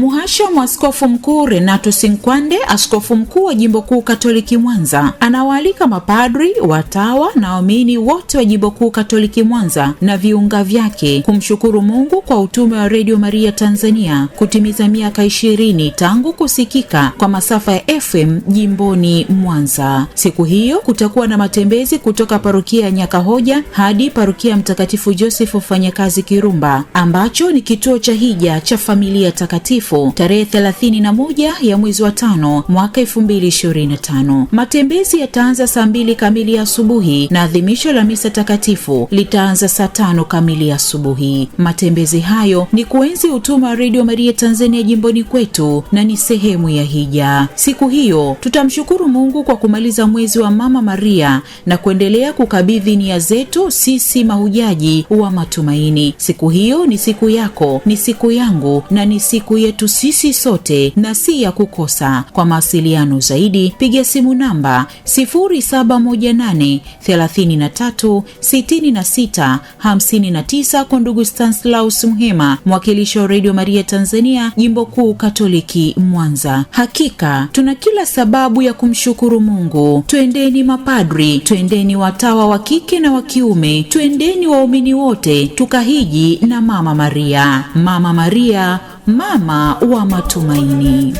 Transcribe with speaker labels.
Speaker 1: Mhashamu Askofu Mkuu Renato Sinkwande, askofu mkuu wa jimbo kuu Katoliki Mwanza, anawaalika mapadri, watawa na waumini wote wa jimbo kuu Katoliki Mwanza na viunga vyake kumshukuru Mungu kwa utume wa Redio Maria Tanzania kutimiza miaka ishirini tangu kusikika kwa masafa ya FM jimboni Mwanza. Siku hiyo kutakuwa na matembezi kutoka parokia ya Nyakahoja hadi parokia ya Mtakatifu Joseph Mfanyakazi Kirumba, ambacho ni kituo cha hija cha familia takatifu uhalifu tarehe 31 ya mwezi wa tano mwaka 2025. Matembezi yataanza saa mbili kamili asubuhi na adhimisho la misa takatifu litaanza saa tano kamili asubuhi. Matembezi hayo ni kuenzi utume wa Redio Maria Tanzania jimboni kwetu na ni sehemu ya hija. Siku hiyo tutamshukuru Mungu kwa kumaliza mwezi wa Mama Maria na kuendelea kukabidhi nia zetu sisi mahujaji wa matumaini. Siku hiyo ni siku yako, ni siku yangu na ni siku yetu yetu sisi sote na si ya kukosa. Kwa mawasiliano zaidi piga simu namba 0718 kwa ndugu Stanislaus Mhema, mwakilishi wa Redio Maria Tanzania, jimbo kuu Katoliki Mwanza. Hakika tuna kila sababu ya kumshukuru Mungu. Twendeni mapadri, twendeni watawa wa kike na wa kiume, twendeni waumini wote tukahiji na Mama Maria. Mama Maria mama wa matumaini.